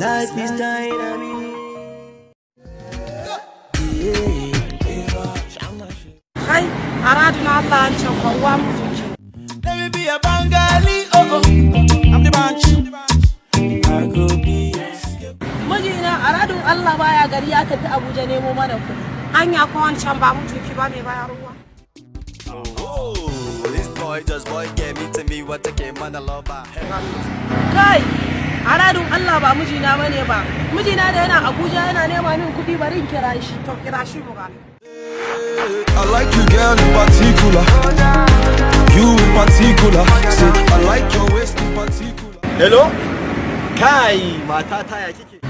Life is dynamic. Kai, Aradun Allah an can Let me be a Bengali, oh oh, I'm the bunch. Mijina Aradun Allah baya gari ya tafi Abuja nemo mana kuɗi. Hanya ko wancan ba mutunci ba mai bayarwa. Oh, this boy just boy came me what I came on a lover. Kai! aradun Allah ba mijina ba ne ba mijina da yana Abuja yana nema min kuɗi bari in kira shi to kira shi mu ba. I like you girl in particular You in particular Say I like your waist in particular Hello Kai mata ta ya kike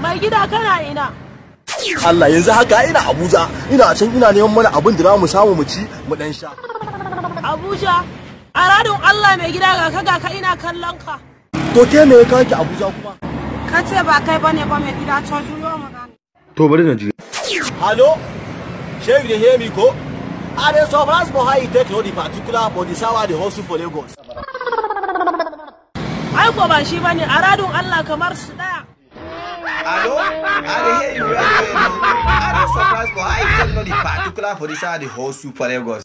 Mai gida kana ina Allah yanzu haka ina Abuja ina can ina neman mana abin da za mu samu mu ci mu dan sha Abuja aradun Allah mai gida ga ka ga ka ina kallon ka to me ya kawo Abuja kuma ka ce ba kai bane ba mai gida ta juyo magana to bari na ji hello shey you hear me ko i dey surprised for how you take particular for the sawa the hustle for Lagos ai ko ba shi bane aradun Allah kamar su daya Hello? I dey hear you well I dey surprised for high tech no the particular for this the whole super Lagos.